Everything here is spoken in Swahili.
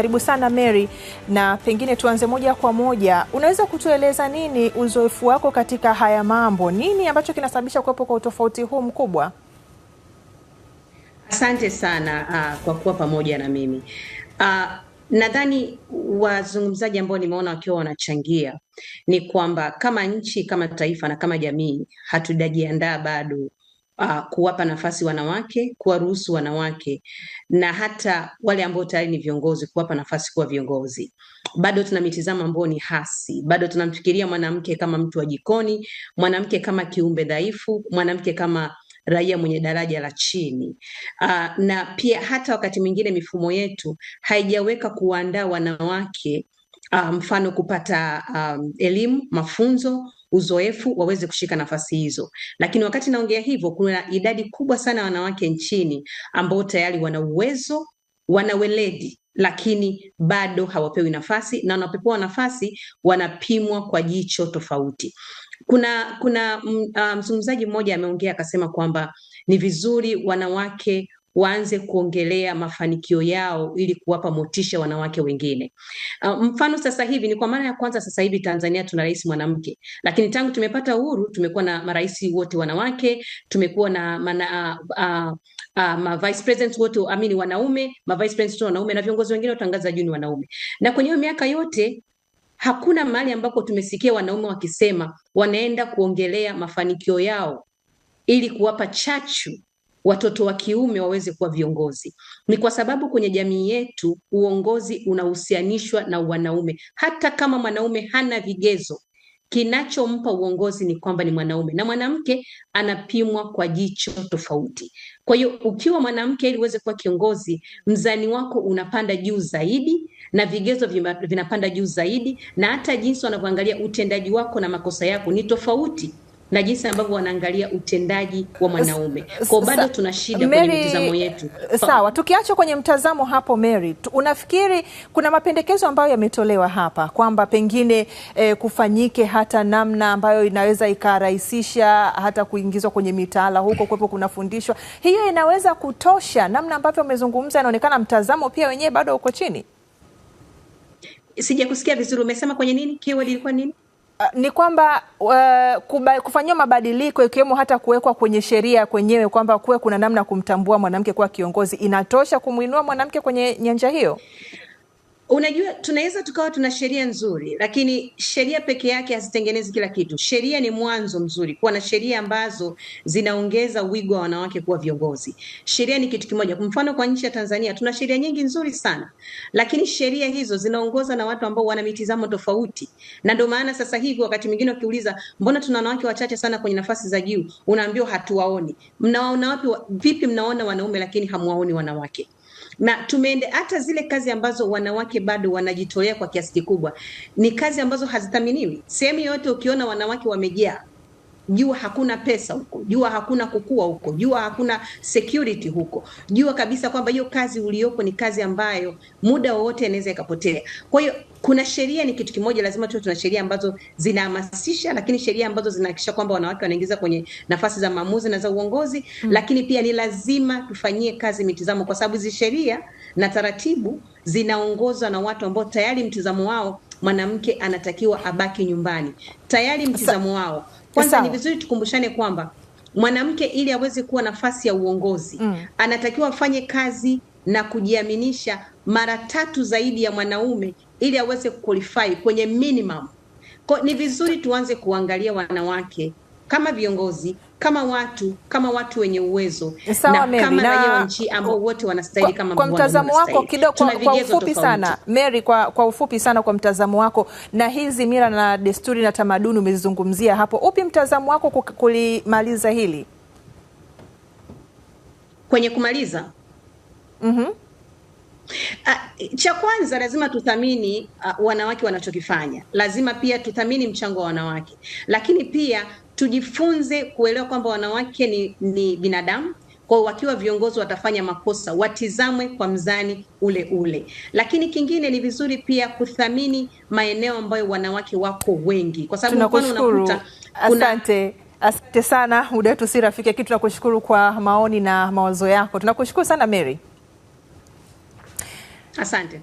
Karibu sana Mary, na pengine tuanze moja kwa moja, unaweza kutueleza nini uzoefu wako katika haya mambo? Nini ambacho kinasababisha kuwepo kwa utofauti huu mkubwa? Asante sana uh, kwa kuwa pamoja na mimi uh, nadhani wazungumzaji ambao nimeona wakiwa wanachangia ni kwamba kama nchi, kama taifa na kama jamii hatujajiandaa bado uh, kuwapa nafasi wanawake, kuwaruhusu wanawake na hata wale ambao tayari ni viongozi, kuwapa nafasi kuwa viongozi. Bado tuna mitizamo ambayo ni hasi, bado tunamfikiria mwanamke kama mtu wa jikoni, mwanamke kama kiumbe dhaifu, mwanamke kama raia mwenye daraja la chini. Uh, na pia hata wakati mwingine mifumo yetu haijaweka kuwaandaa wanawake Uh, mfano kupata um, elimu mafunzo uzoefu waweze kushika nafasi hizo. Lakini wakati naongea hivyo, kuna idadi kubwa sana ya wanawake nchini ambao tayari wana uwezo, wana weledi lakini bado hawapewi nafasi na wanapopewa nafasi wanapimwa kwa jicho tofauti. Kuna kuna mm, ah, mzungumzaji um, mmoja ameongea akasema kwamba ni vizuri wanawake waanze kuongelea mafanikio yao ili kuwapa motisha wanawake wengine. Uh, mfano sasa hivi ni kwa mara ya kwanza sasa hivi Tanzania tuna rais mwanamke, lakini tangu tumepata uhuru tumekuwa na marais wote wanawake, tumekuwa na mana, uh, uh, Uh, ma vice president wote amini wanaume, ma vice president wanaume na viongozi wengine watangaza juu ni wanaume. Na kwenye miaka yote hakuna mahali ambako tumesikia wanaume wakisema wanaenda kuongelea mafanikio yao ili kuwapa chachu watoto wa kiume waweze kuwa viongozi. Ni kwa sababu kwenye jamii yetu uongozi unahusianishwa na wanaume, hata kama mwanaume hana vigezo kinachompa uongozi ni kwamba ni mwanaume na mwanamke anapimwa kwa jicho tofauti. Kwa hiyo ukiwa mwanamke, ili uweze kuwa kiongozi, mzani wako unapanda juu zaidi na vigezo vinapanda juu zaidi, na hata jinsi wanavyoangalia utendaji wako na makosa yako ni tofauti na jinsi ambavyo wanaangalia utendaji wa mwanaume. Kwa bado tuna shida kwenye mtazamo yetu. Sawa, tukiachwa kwenye mtazamo hapo, Mary, unafikiri kuna mapendekezo ambayo yametolewa hapa kwamba pengine eh, kufanyike hata namna ambayo inaweza ikarahisisha hata kuingizwa kwenye mitaala huko kuwepo kunafundishwa, hiyo inaweza kutosha? Namna ambavyo umezungumza inaonekana mtazamo pia wenyewe bado uko chini. Sijakusikia vizuri, umesema kwenye nini? Keyword ilikuwa nini? Eh, ni kwamba uh, kufanyiwa mabadiliko ikiwemo hata kuwekwa kwenye sheria kwenyewe kwamba kuwe kuna namna kumtambua mwanamke kuwa kiongozi, inatosha kumwinua mwanamke kwenye nyanja hiyo? Unajua, tunaweza tukawa tuna sheria nzuri, lakini sheria peke yake hazitengenezi kila kitu. Sheria ni mwanzo mzuri, kuwa na sheria ambazo zinaongeza wigo wa wanawake kuwa viongozi. Sheria ni kitu kimoja. Kwa mfano, kwa nchi ya Tanzania tuna sheria nyingi nzuri sana, lakini sheria hizo zinaongoza na watu ambao wana mitizamo tofauti, na ndio maana sasa hivi wakati mwingine ukiuliza mbona tuna wanawake wachache sana kwenye nafasi za juu, unaambiwa hatuwaoni. Mnaona wapi? Vipi mnaona wanaume lakini hamwaoni wanawake? na tumeende hata zile kazi ambazo wanawake bado wanajitolea kwa kiasi kikubwa, ni kazi ambazo hazithaminiwi sehemu yoyote. Ukiona wanawake wamejaa, jua hakuna pesa huko, jua hakuna kukua huko, jua hakuna security huko, jua kabisa kwamba hiyo kazi uliyoko ni kazi ambayo muda wowote inaweza ikapotea. Kwa hiyo kuna sheria ni kitu kimoja, lazima tuwe tuna sheria ambazo zinahamasisha, lakini sheria ambazo zinahakikisha kwamba wanawake wanaingiza kwenye nafasi za maamuzi na za uongozi mm. Lakini pia ni lazima tufanyie kazi mitizamo, kwa sababu hizi sheria na taratibu zinaongozwa na watu ambao tayari mtizamo wao mwanamke anatakiwa abaki nyumbani, tayari mtizamo wao. Kwanza ni vizuri tukumbushane kwamba mwanamke ili aweze kuwa nafasi ya uongozi mm. anatakiwa afanye kazi na kujiaminisha mara tatu zaidi ya mwanaume ili aweze kuqualify kwenye minimum. Kwa, ni vizuri tuanze kuangalia wanawake kama viongozi kama watu kama watu wenye uwezo eh, Sawa, na kama raia wa nchi ambao wote wanastahili kama kwa mtazamo wako kidogo, kwa, kwa ufupi sana Mary, kwa, kwa ufupi sana kwa mtazamo wako na hizi mila na desturi na tamaduni umezizungumzia hapo, upi mtazamo wako kulimaliza hili kwenye kumaliza mm -hmm. Uh, cha kwanza lazima tuthamini uh, wanawake wanachokifanya. Lazima pia tuthamini mchango wa wanawake, lakini pia tujifunze kuelewa kwamba wanawake ni, ni binadamu kwa wakiwa viongozi watafanya makosa, watizamwe kwa mzani ule ule. Lakini kingine ni vizuri pia kuthamini maeneo ambayo wanawake wako wengi, kwa sababu unakuta asante asante sana, muda wetu si rafiki, lakini tunakushukuru kwa maoni na mawazo yako. Tunakushukuru sana Mary. Asante.